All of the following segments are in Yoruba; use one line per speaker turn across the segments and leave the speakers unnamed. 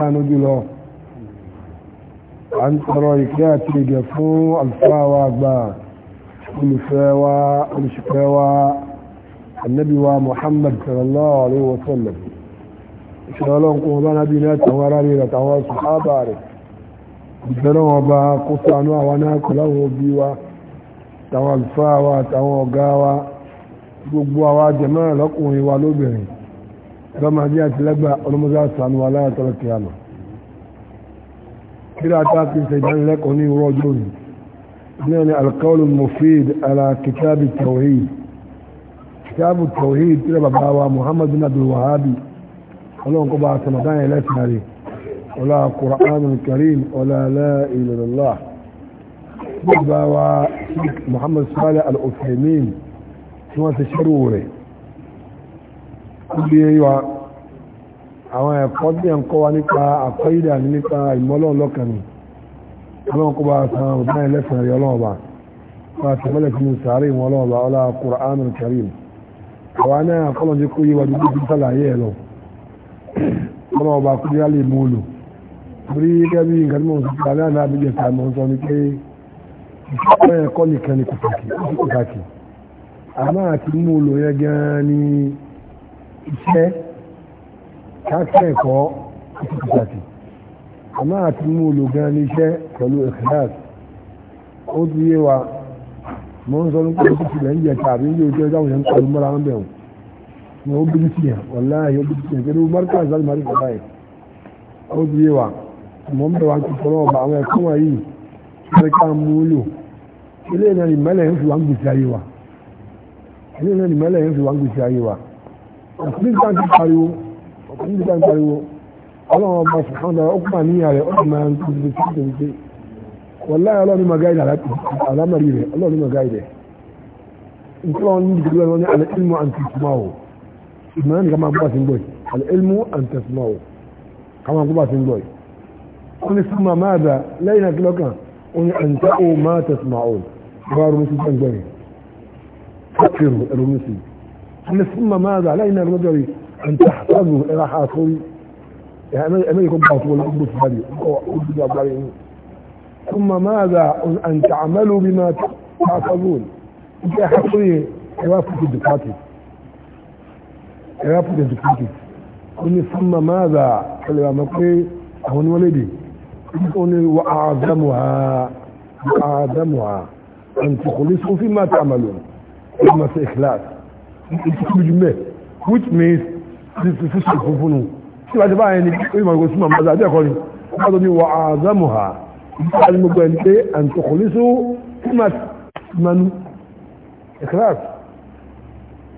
láàánú jùlọ a ń tọrọ ìkẹ́ àti ìgẹ̀ fún alfáwa àgbà olùfẹ́wa olùṣìfẹ́wa annabiwa muhammad sallallahu alaihi wasallam ìṣẹ́lọ́n kún ọba nábi ní àtàwọn ará rẹ̀ àtàwọn sùhábà rẹ̀ ìbẹ̀rẹ̀ ọba kó náà kọ̀ láwọn àtàwọn lọ́mọ ajé àti lẹ́gbà ọlọ́mọdé sànù aláyàtọ̀rọ̀ kìíyàmà kíra àtàkì ìṣẹ̀dánilẹ́kọ̀ọ́ ní ìwọ́ ọjọ́ òní ní ẹni alkaul mufid ala kitabi tawhid kitabu tawhid tí rẹ̀ bàbá wa muhammadu nabi wahabi ọlọ́run kọ́ bá a sọ̀rọ̀ dáhìn lẹ́sìn rẹ̀ ọlá qur'an karim ọlá aláìlọ́lá bàbá wa muhammad salih al-uthaymin tí wọ́n ti ṣẹ́rù rẹ̀ kúlé wa àwọn ẹ̀kọ́ bí ẹ̀ ń kọ́ wa nípa àkọ́yídà ní nípa ìmọ́lọ́ ọlọ́kànnì ọlọ́run kó bá san ọ̀dá ẹlẹ́sìn rẹ̀ ọlọ́run ọba máa tẹ̀mọ́lẹ̀ sínú sàárè wọn ọlọ́run ọba ọlá Qur'anul Karim àwa náà kọ́lọ̀ jẹ́ kó yé wa dúdú bí sàlàyé ẹ̀ ni pé ìṣọ́kọ́ ẹ̀kọ́ nìkan ni pàtàkì ó sì pàtàkì àmọ́ mú un lò yẹn ni iṣẹ́ káṣẹ́ ẹ̀kọ́ àti pàtàkì àmọ́ àti mú olùgan ní iṣẹ́ pẹ̀lú ìkìláàsì ó ti yé wa mo ń sọ nípa ìdíje ìlẹ̀ ń jẹ tàbí ní ojú ọjọ́ àwọn èèyàn pẹ̀lú mọ́ra ń bẹ̀rù ni ó bíbí sí yàn wọ́n láàyè ó bíbí sí yàn pẹ̀lú mọ́ríkà ìsàlẹ̀ mọ́ríkà báyìí ó ti yé wa mo ń bẹ̀rù àti fọlọ́ ọba àwọn ẹ̀kọ́ wọ̀nyí mọ́ríkà mú lò ilé ìnáni mẹ́lẹ̀ ń fi wá ń gbèsè ayé wa ilé ìnáni mẹ́lẹ̀ ń fi wá ń gbèsè ayé wa nígbà tí pariwo nígbà tí pariwo ọlọ́run ọba ṣùgbọ́n dára ó kúmà ní ààrẹ ó sì máa ń tún lè tún tún pé wọ̀láyà ọlọ́run màgá ìdà àlámàrí rẹ̀ ọlọ́run màgá ìdẹ̀ nítorí wọn ní ìdílé wọn ní alẹ́ilmu àti ìsúmáwò ìmọ̀ràn nìkan máa bọ́ sí ń bọ̀ yìí alẹ́ilmu àti ìsúmáwò ká máa bọ́ sí أن ثم ماذا علينا الرجل أن تحفظه إلى حاصل يعني أمريكا بطل والعبد الثاني ثم ماذا أن تعملوا بما تحفظون إنت حصري إرافة الدكاتب إرافة الدكاتب قلني ثم ماذا قال مقري أهون ولدي قلني وأعظمها وأعظمها أن تخلصوا فيما تعملون كلمة إخلاص which means fífífífí funfun nù tí wàá ti bá yẹn ni ìmọ̀ ìgbésí mọ̀ mọ̀ àti ẹ̀kọ́ ni wọ́n tó ní wà á zámù ha nípa ni gbogbo ẹni pé àǹtọ̀kọ̀lẹ́sọ kímat manu ìkíláàs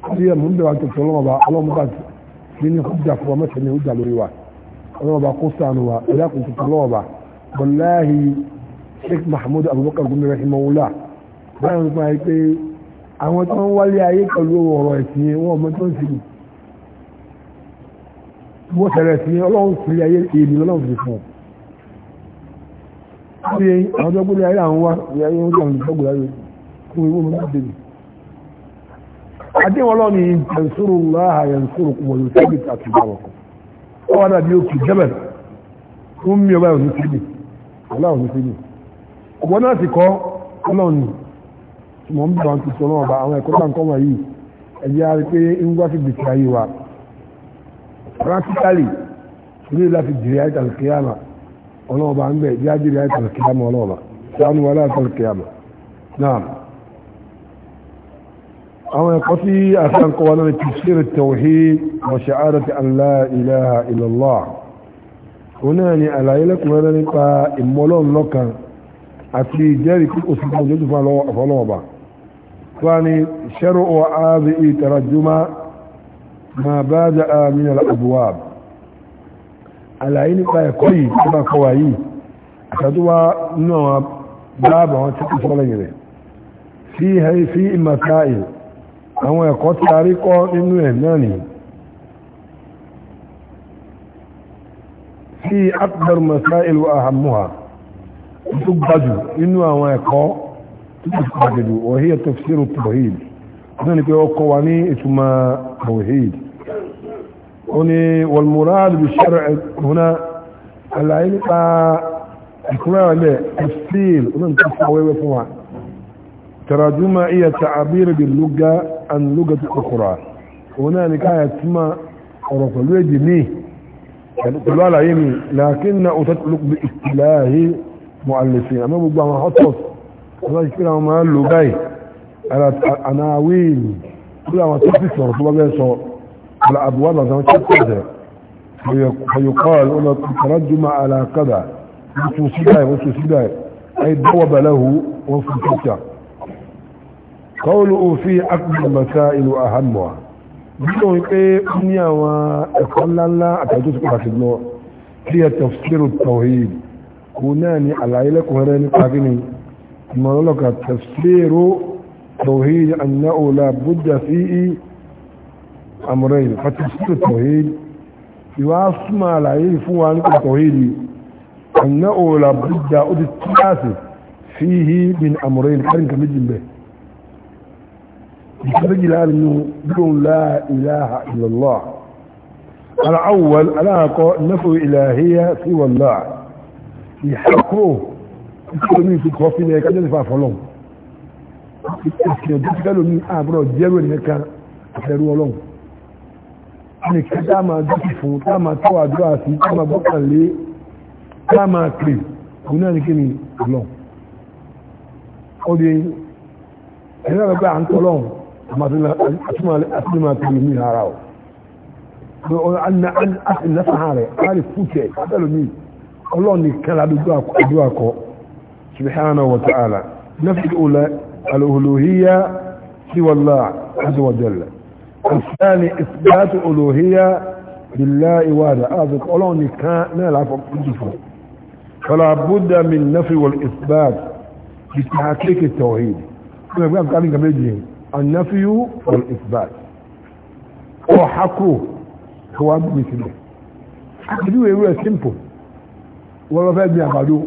àti ẹ̀mú ń bẹ̀rẹ̀ àǹtọ̀kọ̀ ọlọ́mọba ọlọ́mọba ti ní ìjà fún wa mẹ́sẹ̀ ní ìjà lórí wa ọlọ́mọba kó sànù wa ẹ̀dá kò tuntun ọlọ́mọba wàláhi sheikh mahmud abubakar gumi rahimahullah báyọ̀ nípa pé àwọn tó ń wálé ayé pẹ̀lú ọ̀rọ̀ ẹ̀sìn wọn ọmọ tó ń sinmi bó sẹ̀rẹ̀ sí ọlọ́run sí ayé èdè ọlọ́run fi fún ọ bí àwọn tó gbélé ayé àwọn wá ní ayé oúnjẹ àwọn ìfọ́gbò láyé fún ìwé ọmọ tó dé àdéhùn ọlọ́run yìí tẹ̀sùrù láàá yẹnsùrù wọ̀lú tẹ́bí àti ìbáwọ̀kọ̀ ó wà dàbí òkè jẹ́bẹ̀ fún mi ọba ìwọ̀n ní síbi ọlọ́run ní síbi ọ̀pọ̀ náà ti kọ́ ọlọ́run mọ̀ ń bí wọn ti náà bá àwọn ẹ̀kọ́ tàǹkọ́ wọ̀nyí ẹ̀jẹ̀ á pé ń wá sí gbèsè ayé wa practically ilé láti jèrè ayé tàlùkìyàmà ọlọ́ọ̀bà ń bẹ̀ ẹ̀jẹ̀ á jèrè ayé tàlùkìyàmà ọlọ́ọ̀bà sànù wàlá náà àwọn ẹ̀kọ́ a sàn kọ́ wa náà ti ṣírí tẹ̀wọ̀hí wa ṣàárẹ̀ ti ilaha òun náà ni àlàyé lẹ́kùnrin nípa àti ìjẹ́rìí kí kò sí ọjọ́ فاني شرع هذه ترجمة ما بادأ من الأبواب على عين قيقوي كما قوائي أتدوى نوع باب وتكسر لغيره فيه في مسائل أو يقول تاريخ إنه يهناني في أكبر مسائل وأهمها تقبض إنه أو يقول وهي تفسير التوحيد ذلك قواني ثم توحيد والمراد بالشرع هنا العلم آه، الكلام له تفسير ومن تفاوي وفوا تراجمة هي تعبير باللغة عن لغة أخرى هنالك يتم أوروبا الوجني يعني على لكن أتطلق بإصطلاح مؤلفين أما بقى ما حطت ọlọ́run kí àwọn máa ń lò báyìí àná àwíìlì kí àwọn tó sì sọ̀rọ̀ tó bá bẹ́ẹ̀ sọ àbúwá bàtà wọn kí ó tẹ̀ فيقال أنا تردم على كذا وتوسيداي وتوسيداي أي ضوب له وفكتا قوله في أكبر المسائل وأهمها بلو إيه أمنيا وإقال الله أتعجوز قرأت هي تفسير التوحيد كوناني على إلك وهراني قاقني ملك تفسير توحيد أنه لا بد فيه أمرين فتفسير التوحيد يواصل ما لا العيف عن التوحيد أنه لا بد أدتناس فيه من أمرين كان كمجم به يتبجي لأنه قلون لا إله إلا الله الأول ألاقى نفو إلهية سوى الله يحقه ìkọlómi ìfi kọ́ sílẹ̀ ẹ̀ka jẹ́sẹ̀ fàfọ́lọ́n ìṣẹ̀dú kẹlómi àbúrò jẹ́rù ẹ̀nìkan àtẹ̀rù ọlọ́run ní kí tá máa dúkì fún tá máa tọ́ àdúrà sí tá máa gbọ́kànlé tá máa pè òun náà ní kí ni ọlọ́run ó di ẹ̀rọ náà lọ́gbà à ń tọ́lọ́run àtúmọ̀ àtúmọ̀ mi rárá o àti nàfà rẹ̀ á rí fúkẹ̀ àtẹ̀lómi ọlọ́run nìkan ládùúgbò àdúrà kọ́ سبحانه وتعالى نفس الأولى الألوهية سوى الله عز وجل الثاني إثبات الألوهية لله وحده هذا قولون كان لا فلا بد من نفي والإثبات لتحقيق التوحيد النفي والإثبات هو هو مثله حقه هو simple ولا فاد بيعملوه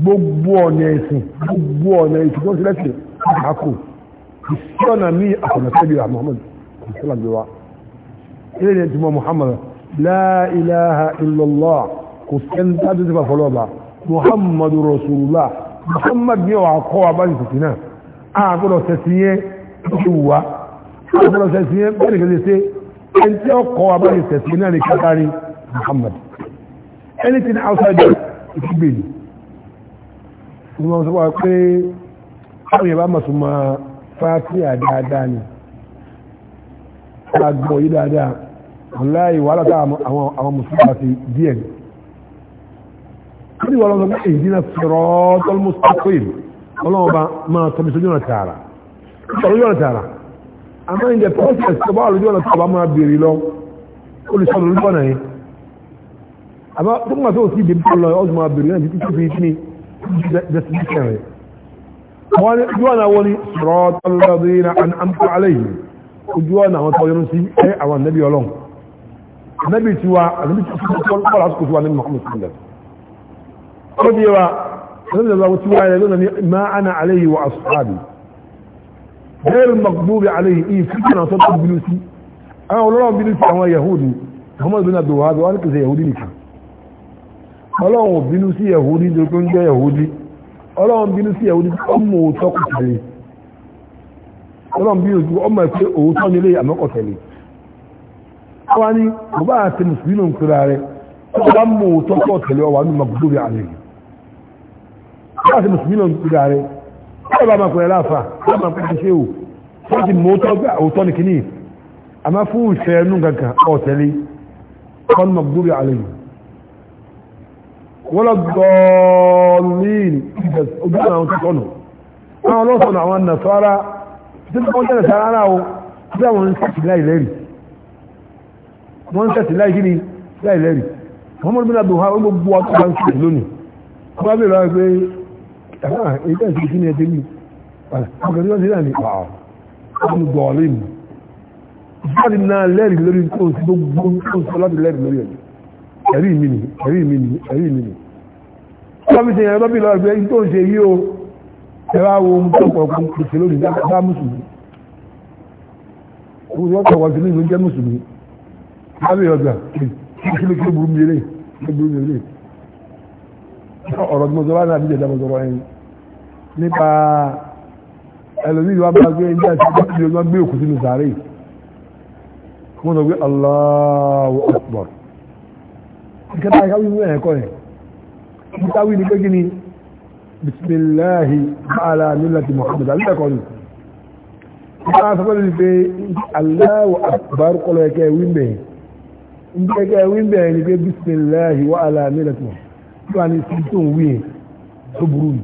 gbogbo ọ̀nà ẹ̀sìn gbogbo ọ̀nà ìtùkọ́ sílẹ̀sìn àkàkù sí ọ̀nà mí àkọ̀nàtẹ́bí Muhammad kìsílàgbéwá ilé ni ẹ̀tùmọ̀ Muhammad la ilaha illallah kò sẹ́ni dájú sí fàfọlọ́ba Muhammad rasulullah Muhammad ní ọ̀wà kọ́ wa báyìí náà a gbọ́dọ̀ sẹ́sìn tó ṣe a gbọ́dọ̀ sẹ́sìn bẹ́ẹ̀ nìkan ṣe ẹni tí ó outside that ni wọ́n sọ wá pé àwọn yẹ̀bá mọ̀ súnmọ́ fátíà dáadáa ni agbọ̀ yí dáadáa wọláyìí wà látà àwọn mùsùlùmí àti díẹ̀ ni kí wọ́n lọ́sọ̀ pé èyí na siratal mustaqim ọlọ́ọ̀bá máa tọ́bi sójú ọ̀nà tààrà sọ̀rọ̀ yọ̀nà tààrà àmọ́ ìjẹ́ process tó bá lójú ọ̀nà tààrà máa bèèrè lọ olùsọ̀rọ̀ lójú ọ̀nà yẹn àmọ́ tó ń gbà tó sì dé bí ọlọ́ destination rẹ̀ wọ́n ní ojú ọ̀nà wọ́n ní siratal ladina an'amta alayhim ojú ọ̀nà àwọn tọ́yọ́nù sí ẹ àwọn ànábì ọlọ́run ànábì tí wa ànábì tí wọ́n kọ́ lọ́pọ̀ lásìkò tí wa ní Muhammad sílẹ̀ ó di wa ànábì ọlọ́run tí wa yẹ lónà ní ma ana alayhi wa ashabi غير المغضوب عليه ايه فكرة صدق بلوسي انا اقول لهم بلوسي اما يهودي هم ابن عبد الوهاب وانا يهودي نكا ọlọ́run bínú sí ya nítorí pé ń jẹ́ yahudi ọlọ́run bínú sí yahudi ọmọ òótọ́ kò tẹ̀lé ọlọ́run bínú sí ọmọ ẹ̀ òótọ́ nílé àmọ́kọ̀ tẹ̀lé wá ní bàbá àti mùsùlùmí ń pera rẹ mọ òótọ́ tẹ̀lé àti mùsùlùmí ń pera rẹ mọ wọ́n gọ́ọ̀lìn ojú àwọn tọ́nà àwọn ọlọ́sọ̀nà àwọn nàṣọ́ra tí wọ́n tẹ́lẹ̀ sára o tí àwọn ń sẹ́tì láìlẹ́rì wọ́n ń sẹ́tì láìkiri láìlẹ́rì wọ́n mọ́ nígbà dùn àwọn gbogbo akọ́gbà ń sẹ́tì lónìí wọ́n bèèrè wá pé ah, èyí tẹ́sí kí ni ẹ tẹ́lẹ̀ ọkọ̀ tí ń sọ láti ẹ̀rí mi nì ẹ̀rí mi nì ẹ̀rí mi nì lọ́bìtì yẹn lọ́bì lọ́wọ́ pé tó ń ṣe yí o ẹ̀rọ awo ohun tó pọ̀ kún kìtì lónìí dá mùsùlùmí ohun tó pọ̀ kìtì lónìí jẹ́ mùsùlùmí lábẹ́ ọjà kí ló kí burú mi lé kí burú mi lé ọ̀rọ̀ tí mo náà bí jẹjẹrẹ mo sọ̀rọ̀ nípa ẹlòmíì wa bá gbé ẹjẹ àti ìjọba gbé òkú sínú sàárè mo sọ pé Allahu Akbar ìkẹta ìkáwí mú ẹ̀kọ́ ẹ̀ ìkáwí ní pé kí ni bismillahi ala millati muhammad alẹ́kọ́ ni ìkáwí sọ́kọ́ ní pé Allahu akbar kọlọ ẹ̀kẹ́ wímbẹ̀ ìkẹ́kẹ́ wímbẹ̀ ni pé bismillahi wa ala millati muhammad tí wà ní síntò wíyẹn tó burú ni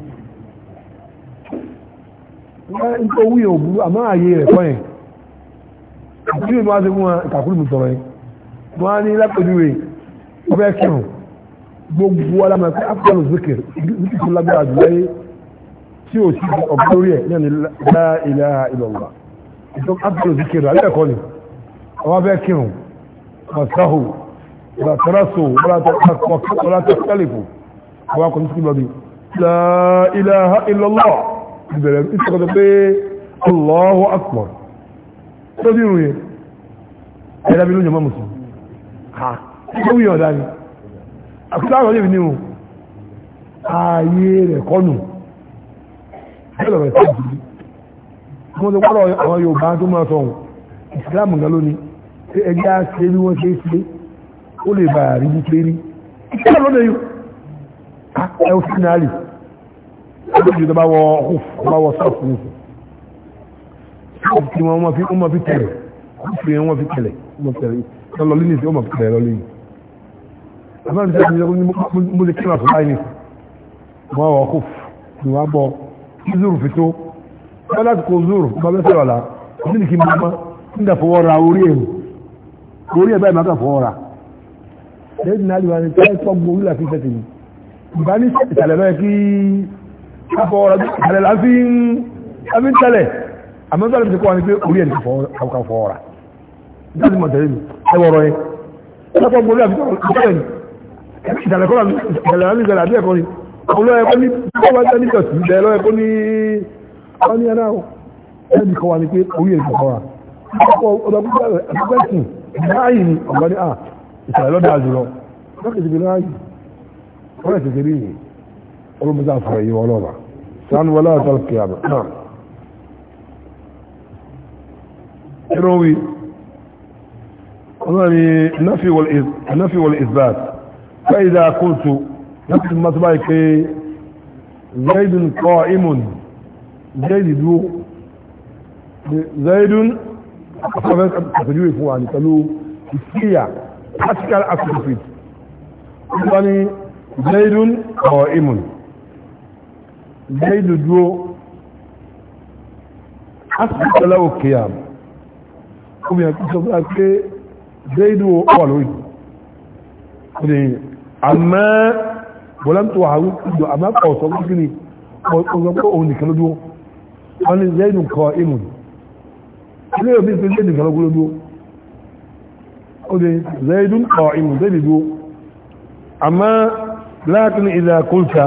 nítorí wíyẹn ò burú àmọ́ àyè rẹ̀ kọ́ rẹ̀ ọbẹ̀ kírun gbogbo alamọ̀ pé afghan zikir zikir tó lágbára jù láyé tí ó ti ọ̀gbọ́n lórí ẹ̀ náà ni la ilaha illallah ìtọ́ afghan zikir alẹ́ ẹ̀kọ́ ni àwọn abẹ́ kírun masahu ìbátaraso ọlátẹ̀kọ́lẹ̀kù àwọn akọni sí lọ́bi la ilaha illallah ìbẹ̀rẹ̀ ìṣẹ́kọ̀tọ̀ pé allahu akbar tó dínú yẹn ẹ̀dá bí ló yẹ mọ́ ẹgbẹ́ wíyàn ọ̀dá ni àkútà àwọn olèmí níhùn ààyè rẹ̀ kọ́nù ẹlọ́rẹ̀ tó jìí mo ti pọ́rọ̀ àwọn Yorùbá tó máa sọ ìsìlámù gan lónìí ẹgbẹ́ àṣẹ bí wọ́n ṣe é ṣe ó lè bà rí bí pé rí ìṣẹ́ lọ́dọ̀ yìí ẹ̀wọ̀ sínárì ọdún tó bá wọ ọkùnfọwọ́ sọ́ọ̀fù nìkan sọ́ọ̀fù tí wọ́n fi tẹ̀lẹ̀ kúfù yẹn wọ́n fi tẹ̀lẹ̀ lọ́lọ́lí nìkan wọ́n fi tẹ̀lẹ̀ lọ́lọ́lí nìkan àbáyé tí a ti yọkùn mo lè kíra tó báyìí wọ́n wọ́n kò fún wa bọ́ kí zuru fi tó wọ́n láti kó zuru bá bẹ́ sọ̀rọ̀ la kò sí ní kí n bá ń dà fọwọ́ ra orí ẹ̀ orí ẹ̀ báyìí máa kà fọwọ́ ra lẹ́yìn náà lùwà ní tí wọ́n pọ́gbó orí làfi fẹ́ tèmi ìbá ní ìtàlẹ̀ lọ́yẹ kí fọwọ́ ra ìtàlẹ̀ láfi ń tẹ̀lẹ̀ ìtàlẹ̀ kọ́ ìtàlẹ̀ láti ìtàlẹ̀ àbí ẹ̀kọ́ ni ọlọ́ ẹ̀kọ́ ní ọwọ́ ẹ̀kọ́ ní ìtọ̀sí ìbẹ̀ ẹ̀lọ́ ẹ̀kọ́ ní ọwọ́ ní ẹ̀nà ẹ̀bí kọ́ wa ni pé orí ẹ̀kọ́ kọ́ wa ọ̀dọ̀ pípẹ́ sìn láàyè ni ọ̀gá ní à ìtàlẹ̀ lọ́dà jùlọ lọ́kẹ̀sì bí láàyè ọ̀rẹ́ ti ṣeré yìí olùmọ̀sá fọ̀rọ̀ yìí wọn lọ́la sanu wọlé ọ̀tọ̀ kìyàmù náà ẹ̀rọ wi ọlọ́ni nafi wal isbat فإذا قلت نفس المطبعك زيد قائم زيد دو زيد تفجوه فواني قالوا السيع حسك الأسفل قالوا زيد قائم زيد دو حسك له القيام قم يكتب لك زيد قالوا قالوا àmọ́ bọ́lámtò àwọn ìjọ àmọ́ ọ̀sọ̀ kí ni ọ̀sọ̀pọ̀ òun oni lójú do. ni zẹ́nu kọ ìmù ilé òbí ti zẹ́nu nìkan lójú ó dé zẹ́nu kọ ìmù zẹ́nu dúó àmọ́ láàkín ìlà kúlta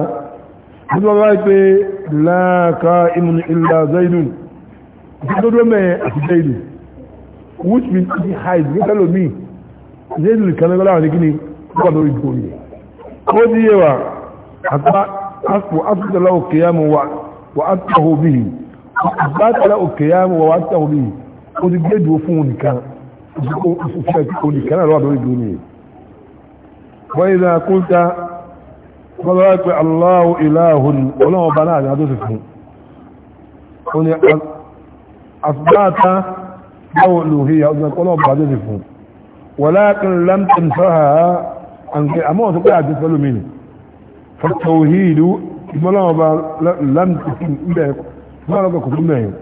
ní wọ́n wáyé pé láàká ìmù ìlà zẹ́nu ìjọdọ́ mẹ́ àti zẹ́nu which means hide gẹ́gẹ́ lómi zẹ́nu nìkan lọ́wọ́ ní kí ni wọ́n lórí dúó nìyẹn ó ní yẹwà àtàlá òkèyàmù wà átàhò bí i àtàlá òkèyàmù wà átàhò bí i ó ti gbé dúó fún onìkan onìkan náà lọ́wọ́ lórí dúó ní wọ́n ìlà kúta fọ́lọ́wọ́ pé aláwọ̀ ìlàhùn ọlọ́wọ́ bá náà àjọ́ sì àmọ́ wọ́n sọ pé àdé pẹ̀lú mi ni fọ́tọ̀wìhìlú ìmọ́láwọ̀n bá lámìtìsìn ilẹ̀ mọ́lọ́gbà kò fún mẹ́rin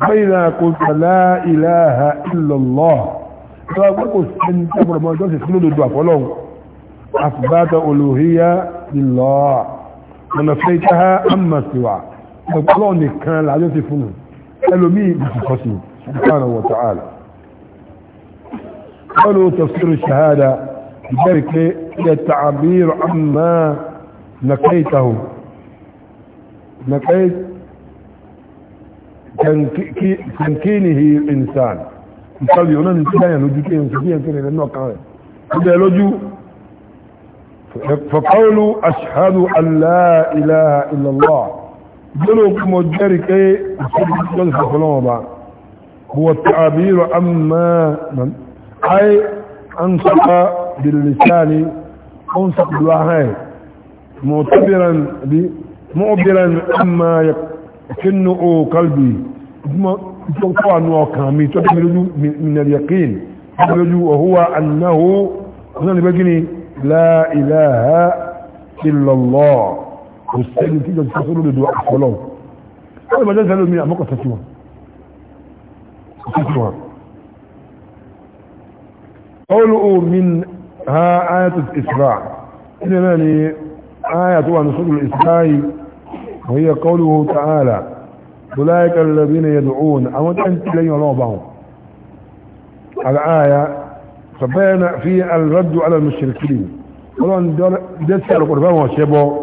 báyìlá kò sàlá ìlàhà ìlọ̀lọ́ tọ́gbọ́n kò sẹ́ni tẹ́bọ̀rọ̀ mọ́ jọ́sì fún lòdòdó àfọ́lọ́ àfibátà olóhíyá ìlọ́ mọ̀nà fẹ́ káhá àmà síwá ọgbọ́n nìkan lájọ́ sí fún ẹlòmíì ìbùsùkọ́sì subhanahu wa ta'ala قالوا تفسير الشهاده لذلك هي التعبير عن ما نكيته نكيت تنكينه الانسان قال يونا من تلايا نجيكي ينسكي ينسكي ينسكي هذا يلوجو فقولوا اشهد ان لا اله الا الله جلو كمجرك هو التعبير عما اي انصفى باللسان انطق بالوهاي معتبرا بمعبرا اما يكن قلبي تقوى من اليقين وهو انه لا اله الا الله والسجن تصلوا لدعاء عمق قوله من ها آية الإسراع إننا آية عن سورة الإسراع وهي قوله تعالى أولئك الذين يدعون أو أنت لن يلوبهم الآية فبين في الرد على المشركين قالوا أن دسر قربان وشبه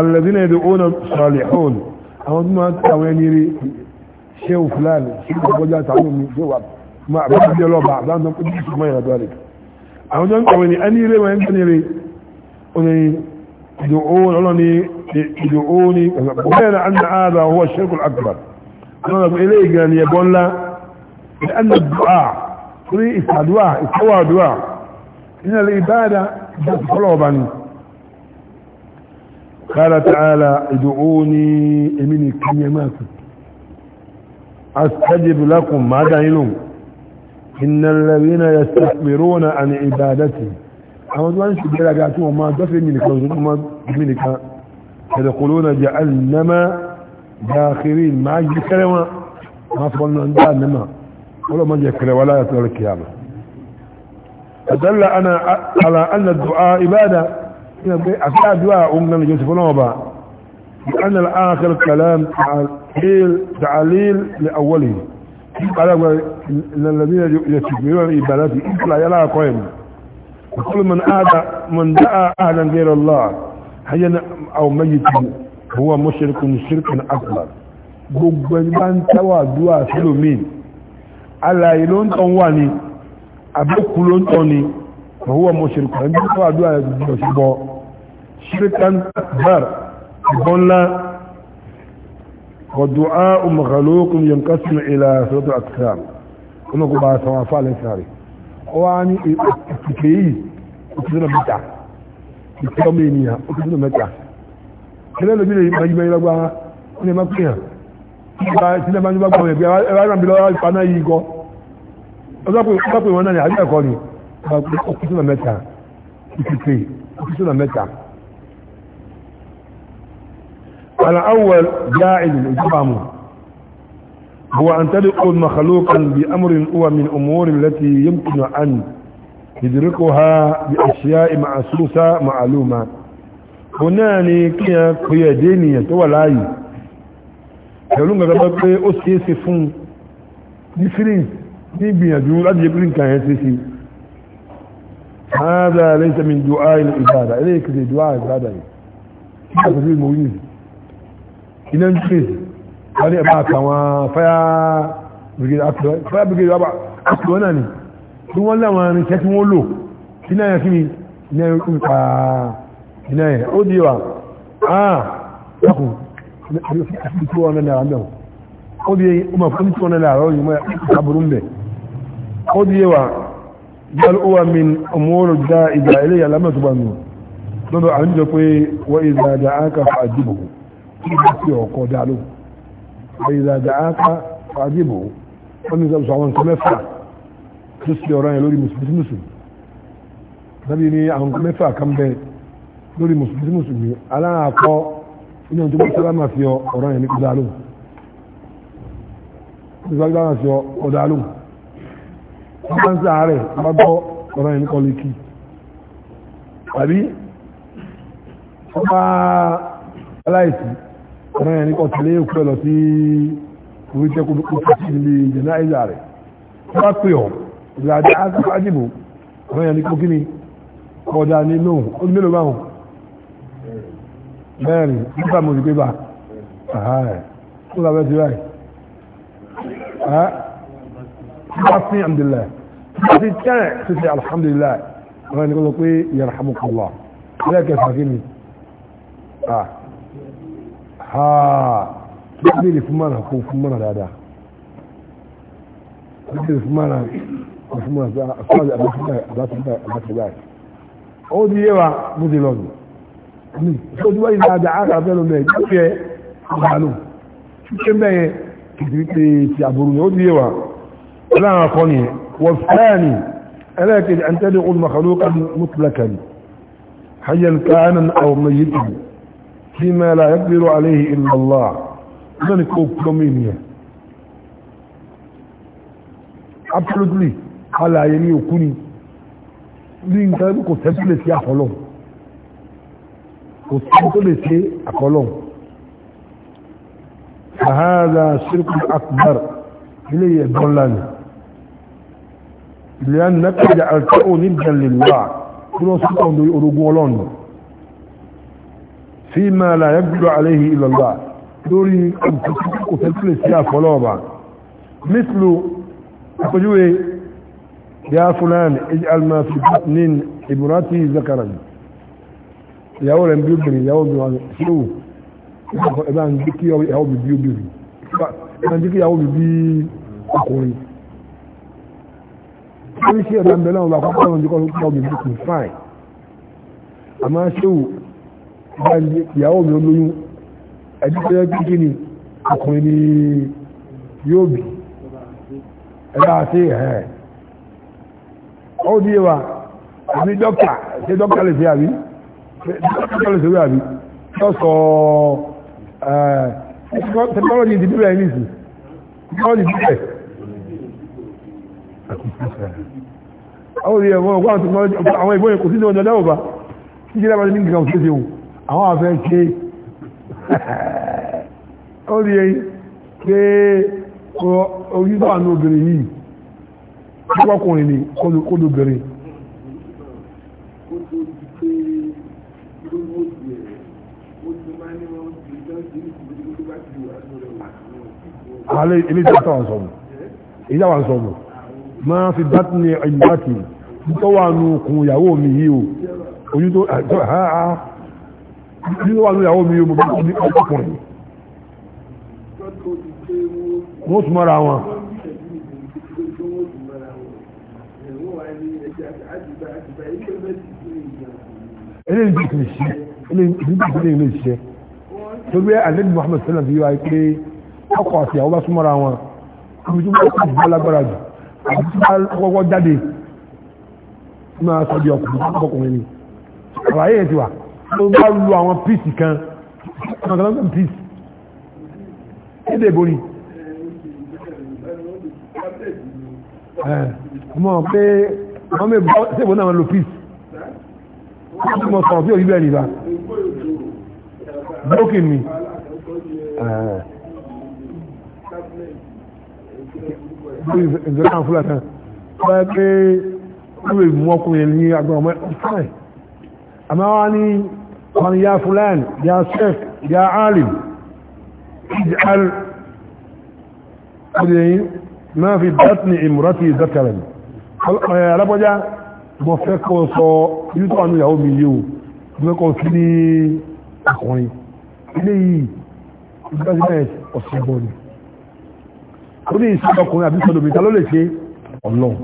الذين يدعون الصالحون أو ما تاوينيري شيء فلان شيء وجاء تعلم شيء ما بعد يلوبهم لأنهم قد يسمعون àwọn jọ ń kọ̀wé ní ẹni ilé wọn ń tẹ́lẹ̀ rẹ̀ oní ìdòó lọ́lọ́ni ìdòó ní ọ̀gbẹ́rẹ̀ anna ààrẹ ọwọ́ ṣirkul akbar lọ́nà ilé ìgbà ni ẹbọ ńlá ní anna dùá torí ìsàdùá ìsọwà dùá nínú ilé ìbáadà ìjọsìn fọlọ́ ọba ni kára tààlà ìdòó ní èmi ní kínyẹmáàkù astajib lakum máa dá yín lóhùn إن الذين يستكبرون عن عبادتي أما دوان شبيرا قاتوا ما دفع منك وما منك يقولون جعلنما داخرين ما يكلم ما فضلنا عن جعلنما ولا ما يكلم ولا يطلع الكيامة فدل أنا على أن الدعاء عبادة أفعى دعاء أمنا يوسف نوبا لأن الآخر كلام تعليل لأوله قال الذين يتبعون عبادتي لا يلا قائم وكل من آدى من دعا أهلا غير الله حيا أو ميتا هو مشرك شركا أكبر gbogbo ẹni bá ń tẹ́wà dúwà sílòmín alàyè ló ń tàn wà ní àbókù ló ń tàn ní ọwọ́ ọmọ ṣerùkù ẹni tó tẹ́wà dúwà ẹgbẹ̀rẹ̀ ṣùgbọ́ ṣíríkan bar ìbọn ńlá ọdún á umarhalókun ológun bá sọ àfà lẹ́sìn rẹ̀ ó wá ní ìpè yìí ó ti dúnà mẹ́ta ìpè ọmọ ènìyàn ó ti dúnà mẹ́ta kílẹ̀ lóbi lè májúmọ́ ìlọ́gbà ó ní ẹ̀mọ́ pè hàn nípa sílẹ̀ májúmọ́ gbọ́n ẹ̀bí ẹ̀rọ ìrìn àbí lọ́wọ́ ìfaná yìí gọ́ ọjọ́ pé wọn náà ní àbí ẹ̀kọ́ ni ó ti dúnà mẹ́ta ìpè ó ti dúnà mẹ́ta على أول جائز الإجابة هو أن تدعو مخلوقا بأمر هو من أمور التي يمكن أن يدركها بأشياء معسوسة معلومة هناني كيا كيا دينيا تولاي يقولون غابا بي او سي سي فون دي فرين دي كان سي هذا ليس من دعاء العبادة إليك دعاء العبادة كيف تفعل المولين إنان تفعل wọ́n ní ẹ̀bá àtàwọn fire brigade àtúwọ́ fire brigade wà àtúwọ́ náà ni tí wọ́n láwọn irinṣẹ́ tí wọ́n lò sí náà yẹn kí ni ní ẹ̀rọ ń pa iná yẹn ó di wa ah lọ́kùn ní two hundred naira mẹ́wọ̀n ó di ó máa fún two hundred naira ọ̀rọ̀ yìí mọ́ àbúrú ń bẹ̀ ó di wa bal uwa min umuru da ìgbà ilé yàrá mẹ́tò bá nù lọ́dọ̀ àwọn ìjọ pé wọ́n ìgbà da áńkà fà àdìbò kí wọ́n fi ọ̀kọ̀ dá lóhùn فإذا دعاك فأجيبه فمن ذلك سعوان كما يفعل تسلي ورايا لوري مسلم مسلم نبي ني عن كما يفعل كم بي لوري مسلم مسلم ألا أقوى إن أنتم سلامة في ورايا نبي دعلوه نبي دعلوه في ودعلوه wọ́n sí ààrẹ bá gbọ́ ọ̀rọ̀ ẹni kọ́ lékí tàbí ọba aláìsí ọ̀rẹ́ ẹni kọ́ tẹ̀lé òkú ẹ̀lọ tí orí tẹ́kù lókùnkù sí ilé ìjẹ̀lá ìjà rẹ̀ tó bá pè ọ́ ìlàdí ájìbò ọ̀rẹ́ ẹni kọ́ kí ni ọ̀dà ni lóhùn ó ní mélòó báwọn mẹ́rin nípa mo sì pé bá tó lábẹ́ ti ráì bá sí alhamdulillah bá sí tẹ́rẹ̀ tó ti alhamdulillah ọ̀rẹ́ ẹni kọ́ sọ pé yarhamukallah lẹ́ẹ̀kẹ́ sàkínì ah ha bí lè fún mọ́nà kó fún mọ́nà dáadáa bí lè fún mọ́nà kó fún mọ́nà sọ́ọ̀dì àbátúgbà ó di yé wa mú ti lọ́nà ní tó tí wọ́n yìí dáadáa ákàrà fẹ́ lọ́nà ẹ̀ jẹ́ àbálò ṣíṣe mẹ́yẹ kìtìrí pé ti àbúrú ni ó di yé wa ọlọ́run akọ́ ni wọ́n fẹ́ẹ̀ ni ẹlẹ́ẹ̀kejì àǹtẹ́lẹ́ olùmọ̀kàlókà mutlakan hayyan kanan aw mayyitan فيما لا يقدر عليه إلا الله إذن كوب دومينيا absolutely على يمي وكوني ní nǹkan kò tẹ́tí lè ṣe àkọlọ́n kò tẹ́tí tó lè ṣe àkọlọ́n fàhádà ṣírkù akbar ilé ẹ̀gbọ́n lánà ilé ànàkàjà àtàwọn onígbàlélà kí wọ́n sọ́kọ̀ orogún ọlọ́run فيما لا يقدر عليه إلا الله دوري قتل سياف ولوبا مثل أقجوه يا فلان اجعل ما في بطن امراتي ذكرا يا ولد بيبري يا ولد شو ابان ديكي يا ولد بيبري ابان ديكي يا ولد بي اكوري كل شيء ابان بلا ولا قبل ان يقول يا ولد بيبري فاين اما شو báyìí ìyàwó mi olóyún ẹni tó yẹ kí kí ni ọkùnrin ni yóò bì ẹ̀dá àti ẹ̀ ọ́ di wa àbí dókítà ṣe dókítà lè ṣe àbí dókítà lè ṣe àbí yóò sọ tẹkinọ́lọ́jì ti bíbẹ̀ ní ìsìn
tẹkinọ́lọ́jì ti bíbẹ̀
àwọn ìbọn ìkòsí ní ọjọ́ dáwọ̀ bá kí jẹ́ lábàá ní nǹkan òṣèṣe òun àwọn afẹ́ ké ó rí ẹyí pé orílẹ̀ àwọn obìnrin yìí púpọ̀kùnrin ni kólóbìnrin
ààrẹ ilé ìjọba wọn sọ̀rọ̀
ìjọba wọn sọ̀rọ̀ máa fi dátìní ẹ̀yìn dátìní tó wà nù kùn ìyàwó mi yìí o ojú tó àjọ àá bí wọ́n wà ní ìyàwó mi yóò bọ́ ní ọkùnrin
wọ́n tún mọ́ra wọn
ilé ìdíkì lè ṣe ilé ìdíkì lè ṣe torí alẹ́bí Muhammad sallam fi wáyé pé ọkọ̀ àti àwọn bá súnmọ́ra wọn àbí tí wọ́n kọ́ bá lágbára jù àbí tí wọ́n kọ́kọ́ jáde máa sọ di ọkùnrin ọkùnrin ni àlàyé yẹn ti wà tó bá lu àwọn píìsì kan ọ̀nàkọ̀lọ́gbọ̀n píìsì ẹ̀dẹ̀ ìbò ni ọmọ pé wọ́n mẹ́ bọ́ sí ìbọn náà lo píìsì wọ́n tí mo sọ̀rọ̀ tí ò rí bẹ́ẹ̀ nìbá broken ni ìjọba àwọn fúlàtà wọ́n pé wọ́n mú ọkùnrin ní agbọ̀n ọmọ ẹ̀ fine àmọ́ wọ́n ní قال يا فلان يا شيخ يا عالم اجعل ما في بطن امرتي ذكرا يا رب جاء mo fẹ́ kọ́ sọ ilé tó wà ní ìyàwó mi yíò mo fẹ́ kọ́ sí ní àkùnrin ilé yìí president ọ̀sẹ̀gbọ̀n ni ó ní ìsìn ọkùnrin àbí sọ́dọ̀ mìta ló lè ṣe ọlọ́run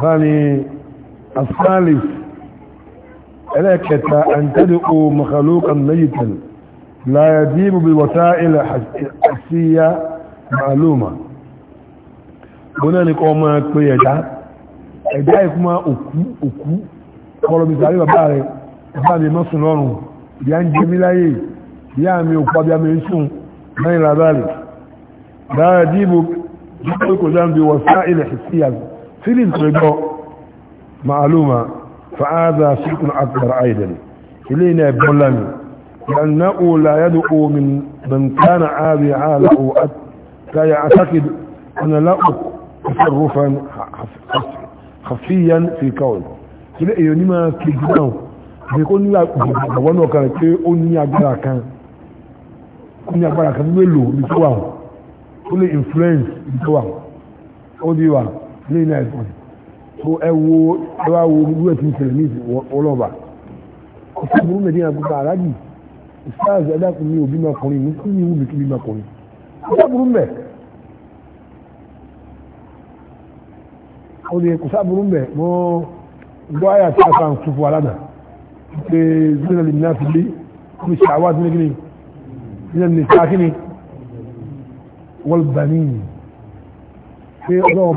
bá ní asalis ẹlẹ́kẹta an tẹ́lẹ̀kọ́ makalokan mayitan la yadibu bi wasa'il hasiya ma'aluma gbọ́nà ní kọ́ máa pé ẹ̀dá ẹ̀dá ìkúmá òkú òkú kọlọ̀bí sàárè bàbá rẹ̀ bàbá mi mọ́sùn lọ́rùn ìyá ń jẹ mí láyé ìyá mi òkú abíyá mi ń sùn mẹ́rin lábáàlì la yadibu bi kò ilẹ̀ hasiya fílìm tó gbọ́ ma'aluma فهذا شرك أكبر أيضا إلينا بلن لأنه لا يدعو من من كان عابي عاله لا يعتقد أن لا تصرفا خفيا في كون ilé èyàn ní máa kejì náà bí kó ní àwọn náà kan pé ó ní agbára kan ó ní agbára kan mélòó ní tó wà ó lè influence ní tó wà ó di wà ní ilé so ẹwo ẹwà wo irú ẹ̀ tí ń ṣẹlẹ̀ ní ọlọ́ba ọ̀sẹ̀ burú mẹ́tí yẹn gbogbo aráàlú ìsáàzì ẹ̀dàkùn mi ò bímọ ọkùnrin mi kí ni ìwú mi kí bímọ ọkùnrin ọ̀sẹ̀ burú mẹ́ ó lè kò sáàbùrú mẹ́ mọ́ gbọ́ àyà tí a fa ń tufu aládà pé zina lè ní àti lé kí ṣàwá sí nígbìn zina lè ṣá kí ni pé ọlọ́run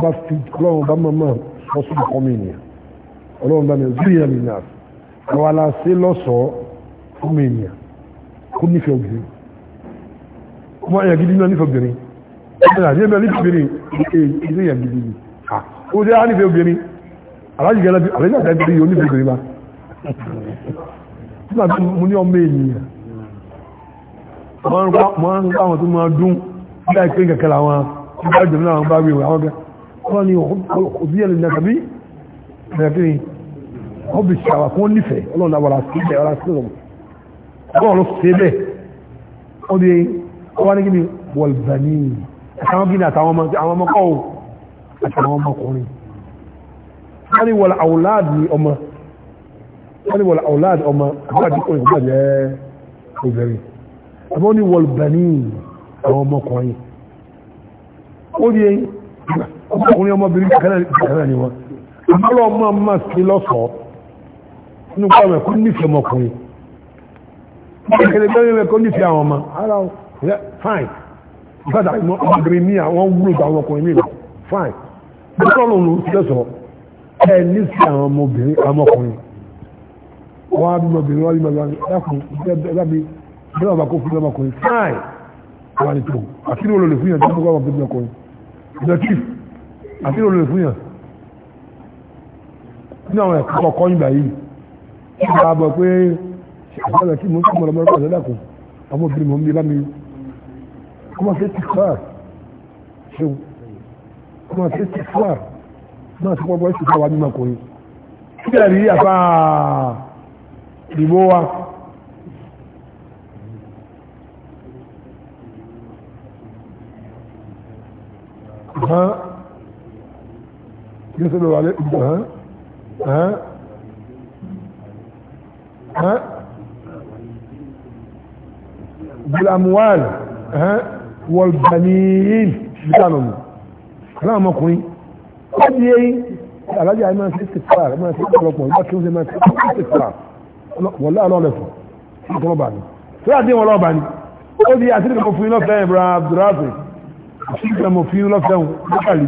bá fi ọlọ́run bá mọ̀ mọ́ fọ́sùn kọ́mí ènìyàn ọlọ́run bá mi ojú yẹn mi náà àwọn aláṣẹ lọ́sọ̀ọ́ fún ènìyàn kó nífẹ̀ẹ́ obìnrin kó máa yàn gidi náà nífẹ̀ẹ́ obìnrin ẹ̀rọ àti ẹ̀bẹ̀ nífẹ̀ẹ́ obìnrin ilé yàn gidi ni ó dé á nífẹ̀ẹ́ obìnrin aláàjì gẹ́gẹ́ bí àlejò àti ẹgbẹ̀rẹ̀ yóò nífẹ̀ẹ́ obìnrin bá nígbà tí mo ní ọmọ ènìyàn mo máa ń gbá àwọn tó máa dún bí àìpé kẹ̀kẹ́ làwọn bá jẹ̀mí làwọn bá wí àwọn gẹ́gẹ́ wọ́n ni òbíyẹ̀ lè nàgbàbí nàgbàbí ọbì ṣàwà fún nífẹ̀ẹ́ ọlọ́nà wàrà sílẹ̀ wàrà sílẹ̀ ọgbọ́n ló ṣe bẹ́ẹ̀ ó di ọwá ní gíní wọ̀lbàní àtàwọn gíní àtàwọn ọmọkọ́ àtàwọn ọmọkùnrin wọ́n ni wọ̀lá àwòláàdì ọmọ wọ́n ni wọ̀lá àwòláàdì ọmọ àbúrádì kò nígbà jẹ́ obìnrin àbúrò ni ọkùnrin ọmọbìnrin kẹrẹ ni wọn àmọ́lọ́ ọmọ ọmọ sí lọ́sọ̀ọ́ nínú kọ́ ọmọ ẹ̀kọ́ nífẹ̀ẹ́ ọmọkùnrin kẹrẹ bẹ́ẹ̀ ọmọ ẹ̀kọ́ nífẹ̀ẹ́ àwọn ọmọ ara rẹ fine nígbàdà ọmọbìnrin ní àwọn wúlò tó àwọn ọkùnrin mìíràn fine bẹ́ẹ̀ ọlọ́run ló ti lọ́sọ̀ọ́ ẹ nífẹ̀ẹ́ àwọn ọmọbìnrin ọmọkùnrin wọ́n á bímọ obìnrin wọ́n á bímọ obìnrin bẹ́ẹ̀ ọmọkùnrin fine wọ́n á ní tó àti ní olólùfíyàn tó ń gbọ́ ọmọbìnrin ọkùnrin ìdọ̀kìf àti ìrọ̀lù ìfúnyàn nínú àwọn ẹ̀kọ́ kọ̀ọ̀kan ìgbà yìí ìgbà bọ̀ pé àbúrò kí mo ń fún ọmọlọmọ ọ̀sẹ̀ dàkùn àwọn obìnrin mọ̀ ń bí bá mi kọ́mọ sí ti fáà ṣeun kọ́mọ sí ti fáà máa sọ́kọ́ bọ́ sí ìfáwà mímọ́ kò yìí kí ẹ̀rí àfáà ìbò wa. مثل عليه ها ها ها بالاموال ها والبنين بتاعهم كلام ما كوني قد يي alájẹ́ àìmọ́ sí ìsìnkú rẹ̀ máa sí ọ̀pọ̀lọpọ̀ ìgbà kí ó ṣe máa sí ìsìnkú rẹ̀ wọ̀lá alọ́lẹ̀fọ̀ ìtọ́lọ́bà ni tí a dín wọ̀lọ́bà ni ó di àti ìgbà mo fi iná fẹ́ àti ìgbà mo fi òun lókàlì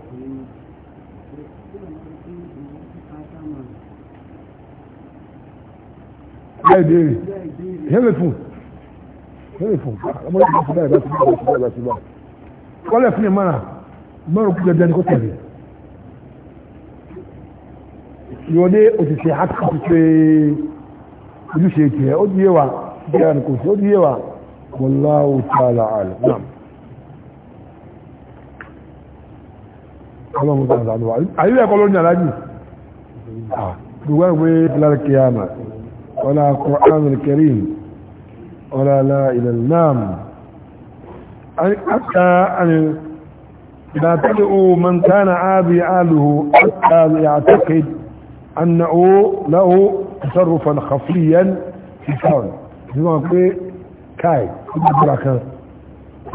ìbéèrè ìhẹ́rẹ́ fún ìhẹ́rẹ́ fún ọmọ yìí ti báyìí láti báyìí láti báyìí láti báyìí wọ́n lè fún yẹn mọ́ra mọ́ra kú dandan kó tẹ̀lé ìwọ́dé òṣìṣẹ́ àti òṣìṣẹ́ ojúṣe tiẹ̀ ó di yé wa díẹ̀ ni kò sí ó di yé wa wallahu ta'ala alam naam. ọlọ́run tó ń sàdúrà àyíká ẹ̀kọ́ ló ń yàrá ah, gbogbo ẹgbẹ́ lára ولا قرآن الكريم ولا لا إلى النام حتى أن لا تدعو من كان عابي عاله حتى يعتقد أنه له تصرفا خفيا في كون زمان في كاي كبراكا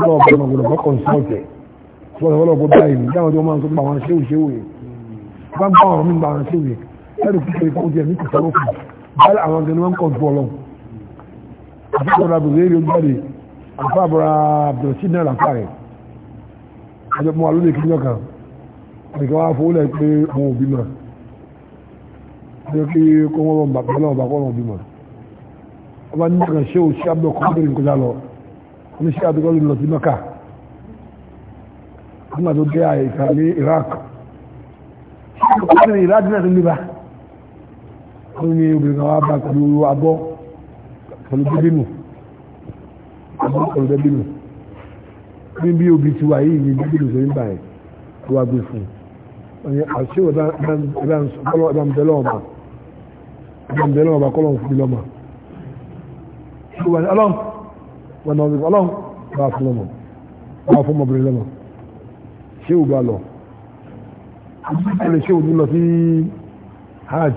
لو بنا نقول بقون صوتي صوتي ولو بضاين جامد وما نصبع وانا شوي شوي بان باور من باور شوي هذا كيف يكون دي من تصرفه báyìí àwọn gẹ̀ẹ́ni wọ́n kọ̀ bọ̀ lọ́wọ́ àfáàbọ̀rọ̀ àbùrẹ́ èrè ojúbọ̀dé àfáàbọ̀rọ̀ àbùrẹ́ sí náà làfà rẹ̀ àjọ mọ́ alóde kí lọ́kà ọ̀dẹ̀kẹ́ wá fowó lẹ̀ pé àwọn òbí mọ̀ ọjọ́ kí kó wọ́n bá pẹ̀lú ọba kọ́ òbí mọ̀ ọba ní kan ṣé o ṣe àbúrò kọ́bìnrin kọjá lọ ní ṣe Iraq ṣé àbúrò Iraq náà ti wọ́n ní obìnrin kan wá bá pẹ̀lú abọ́ pẹ̀lú bíbínú abọ́ pẹ̀lú bíbínú ní bí obì ti wà yìí ní bíbínú ṣe ń bà ẹ̀ tó wá gbé fún un ní àṣẹ ìbámbẹ̀lọ́ ọba ìbámbẹ̀lọ́ ọba kọ́lọ̀ fún mi lọ́mọ ọlọ́m wọn náà ọlọ́m bá fún lọ́mọ bá fún ọmọbìnrin lọ́mọ ṣé ò bá lọ ṣé ò ní lọ sí hajj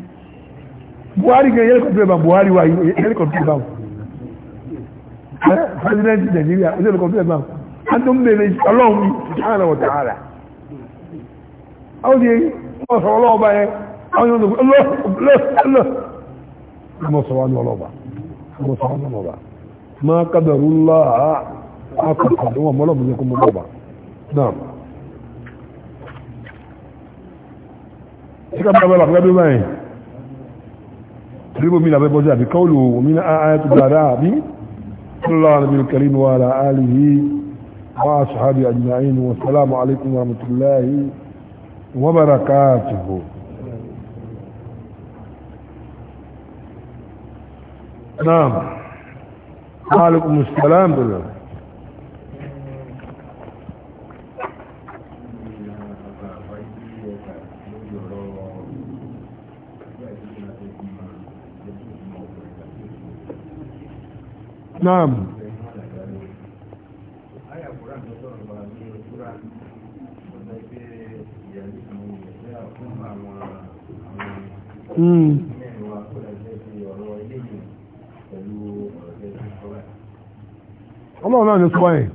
buhari gan helicopter driver buhari wa helicopter driver president nigeria helicopter driver an tó ń bèèrè ọlọ́run subhanahu wa wọ́n sọ ọlọ́run bá yẹn ọmọ sọ ọmọ sọ ma qadarullah akọ̀kọ̀ ní wọn mọ́lọ́mù ní kó mọ́ ọlọ́ba náà ريبو مين أبي بوزي أبي قوله ومن آيات الدراء أبي صلى الله عليه الكريم وعلى آله وأصحابه أجمعين والسلام عليكم ورحمة الله وبركاته نعم وعليكم السلام بالله
naam Mm.
ọlọ́run náà ní sọ ẹ̀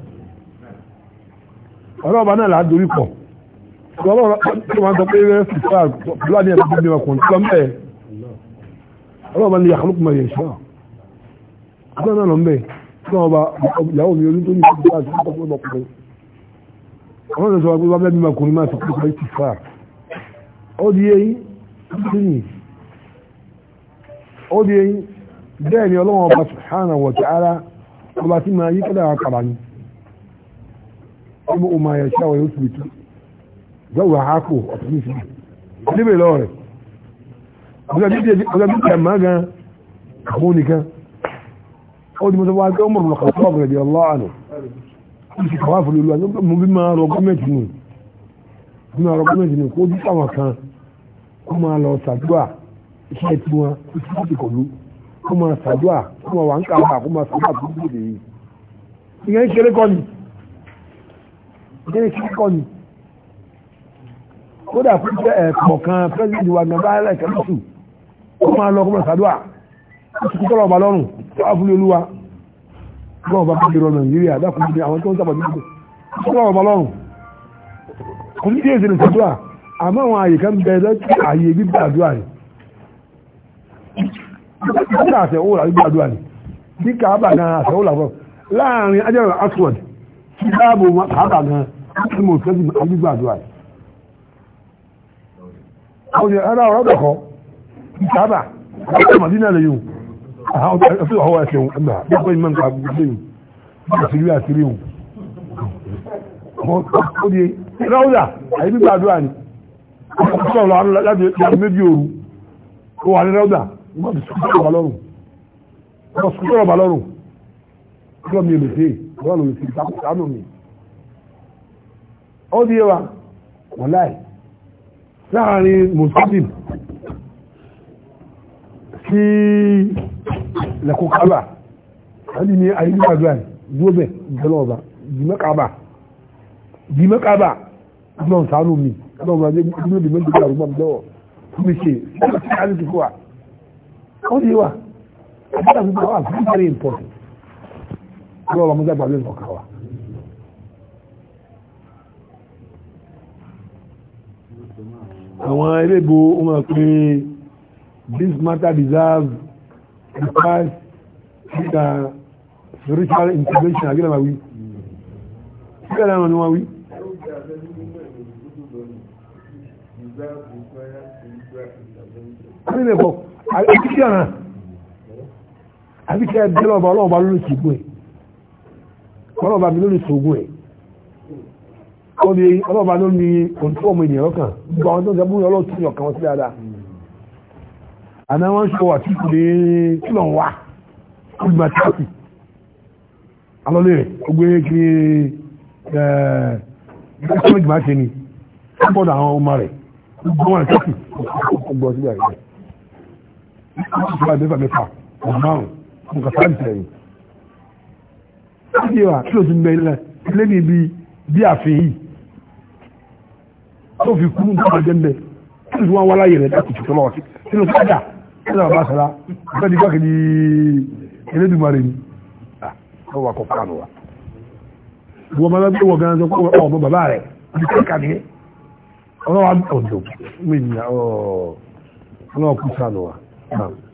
ọlọ́ọ̀bá náà là á dorí pọ̀ ọlọ́run tó máa ń sọ pé rẹ̀ sì fà bílá ní ẹ̀kọ́ bí ọkùnrin tó lọ́mọ́ ẹ̀ ọlọ́ọ̀bá ní yàkùnrin mọ̀ yẹ̀ ṣọ́ gbọ́nà lọ mbẹ́ náà ọba ìyàwó mi orí tó ní ìṣẹ́jú láti ṣe ọkọ̀ ọkùnrin àwọn ọ̀sẹ̀ sọ pé bá bẹ́ẹ̀ bí ọkùnrin máa sọ pé kọ́ ti fà ó di eyín sí ni ó di eyín bẹ́ẹ̀ ni ọlọ́wọ́n ọba subhanahu wa ta'ala ọba tí máa yí kọ́dà àkàrà ni ọmọ ọmọ ayẹ̀ṣẹ́ àwọn yóò tìbìtì zọ́wọ́ àákò ọ̀tún ní ìṣẹ́jú níbẹ̀ lọ́rẹ̀ ọ̀gá bíbí ẹ̀ máa gan àwọn nìkan ó di mọ́tọ́wá kí ọmọ òrùlọ́kọ̀ tó bọ̀rẹ̀ di ọlọ́ àná ìsì kàwá fún olúwa mo bí máa rọ gọ́mẹ̀tì nù bí máa rọ gọ́mẹ̀tì nù kó ojú àwọn kan kó máa lọ sàdúà iṣẹ́ tí wọn iṣẹ́ tó ti kọ̀lú kó máa sàdúà kó máa wà ń kàwá kó máa sàdúà tó dúró dè yìí. ìyẹn ń kéré kọ́ ni ìyẹn ń kéré kọ́ ni kódà fún ẹ̀ẹ̀kọ̀ọ̀kan pẹ́sidẹ̀ntì wa gan àti tọ́lọ̀ ọba lọ́rùn tó wá fún olúwa gbọ́n ọba kí lọ nàìjíríà dákùnrin ní àwọn tó ń sábà dúdú tọ́lọ̀ ọba lọ́rùn kò ní díẹ̀ sílẹ̀ sàdúrà àmọ́ àwọn àyè kan bẹ lọ́tí àyè gbígbà àdúrà ni nígbà àtẹ̀wò gbígbà àdúrà ni bí kàábà gan àtẹ̀wò fọ́ láàrin ajẹ́rọ̀ aswad tí káàbò kàábà gan tí mo tẹ́sí gbígbà àdúrà ni àfihàn ọwọ́ ẹsẹ̀ wọn náà nípa ìmọ̀ nǹkan àgbègbè yìí àṣírí àṣírí wọn. ó di ráúdà àyè gbígbà àdúrà ni ọ̀pọ̀ ọ̀la láti méjì òru ó wà ní ráúdà wọ́n ti sọ́kọ̀ ọ̀bà lọ́rùn wọ́n sọ́kọ̀ ọ̀bà lọ́rùn ọjọ́ mi lè dé wọ́n lè fi sàánù mi. ó di wa wọ́n láì láàrin mùsùlùmí sí lẹ́kọ̀ọ́ kábà wọ́n ní àyíká àdúrà dúró bẹ̀ ìjọba ọba jìmọ́ kábà jìmọ́ kábà ọlọ́run sàánú mi ọlọ́run máa dé dúró dìmọ́ dìbò àrùbọ̀ àwọn eléèbó wọn máa pín this matter deserves the uh, spiritual intervention àbí làwọn wí bí làwọn ni wọ́n wí. Àbí lè fọ àbí kí àná àbí kí ẹ bẹ́ẹ̀ lọ́ba ọlọ́ọ̀ba lórí ìṣègùn ẹ̀ ọlọ́ọ̀ba mi lórí ìṣògùn ẹ̀ ọlọ́ọ̀ba lórí ohun tí ọmọ ènìyàn kan gbogbo àwọn tó ń sẹ́kùn ọlọ́ọ̀tún yọ̀ kan wọ́n sí dáadáa àná wọ́n ṣe wà tí kò lè kílọ̀ wá ó gbà táàpì alọ́lẹ̀ rẹ̀ ó gbé kí ẹ̀ẹ́ kí ọmọ ṣe ni ó bọ́dọ̀ àwọn ọmọ rẹ̀ ó gbọ́ wọn táàpì ó gbọ́ sílẹ̀ rẹ̀ ó sì fà mẹ́fà mẹ́fà ọ̀nà márùn ún kà sáà nìtẹ̀ yìí ó sì wà kí ló ti ń bẹ ilẹ̀ ilé ní ibi bí àfin yìí ó fi kú ní ọmọdé ń bẹ kí ló ti wá láyé rẹ̀ dákùtù tó lọ́wọ́ sí sínú sájà ẹ̀rọ àbá sara ọ̀fẹ́ di gbákejì elédùmarè ni ọ ah, wà kọ̀ọ̀kan nù wa wọ́n máa gbé wọ́n gan-an sọ pé ọmọ bàbá rẹ̀ ní kẹ́kà ní ọlọ́wà ọ̀dọ̀ ọlọ́wà kú wa